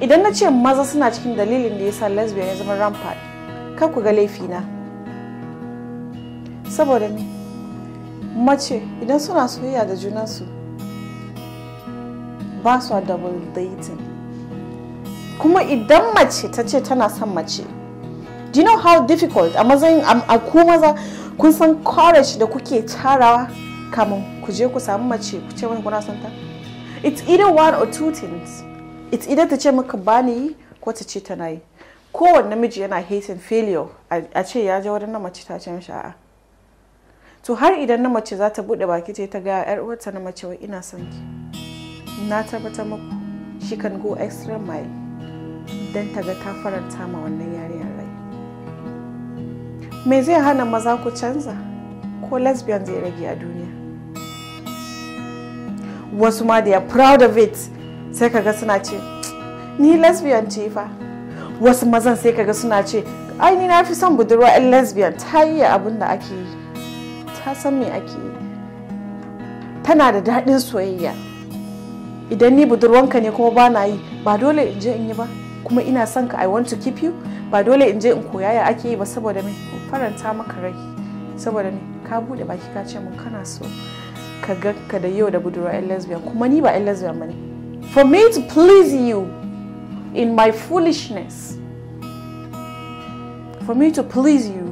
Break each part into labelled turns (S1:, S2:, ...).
S1: idan na ce maza suna cikin dalilin da ya sa lesbian ya zama rampart kar ku ga laifina saboda ni mace idan suna soyayya da junansu ba su double dating kuma idan mace ta ce tana son mace do you know how difficult a mazan a ku maza kun san courage da kuke tarawa kamun ku je ku samu mace ku ce wani kuna son ta it's either one or two things it's either ta ce maka bani yi ko ta ce tana yi kowane namiji yana hating failure a ce ya je wadannan na mace ta ce mishi a'a to har idan na mace za ta bude baki ce ta ga yar uwarta na mace wai ina son ki na tabbatar muku she can go extra mile dan ta ga ta faranta ma wannan yarinyar rai me zai hana maza ku canza ko lesbian zai rage a duniya wasu ma they are proud of it sai kaga suna ce ni lesbian ce fa wasu mazan sai kaga suna ce ai ni na fi son budurwa yan lesbian ta yi abin da ake yi ta san me ake yi tana da daɗin soyayya idan ni budurwanka ne kuma ba na yi ba dole in je in yi ba kuma ina son ka i want to keep you ba dole in je in koya ya ake yi ba saboda me faranta maka rai saboda me ka bude baki ka ce mun kana so ka ga ka da yau da budurwa yan lesbian kuma ni ba yan lesbian ba ne for me to please you in my foolishness, for me to please you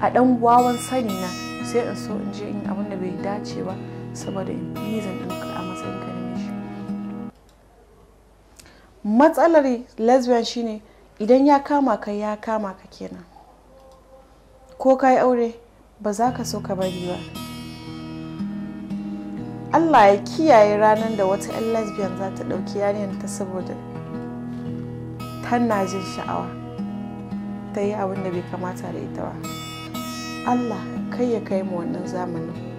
S1: a ɗan wawan sani na sai in so in je in abin da bai dace ba saboda in please ɗinka a matsayin ka na mishi. Matsalar lesbian shine idan ya kama ka ya kama ka kenan. Ko ka aure ba ka so ka bari ba. allah ya kiyaye ranar da wata 'yan lesbian za ta ɗauki yanayin ta saboda tana jin sha'awa ta yi abin da bai kamata da ita ba allah kai ya kai mu wannan zamanin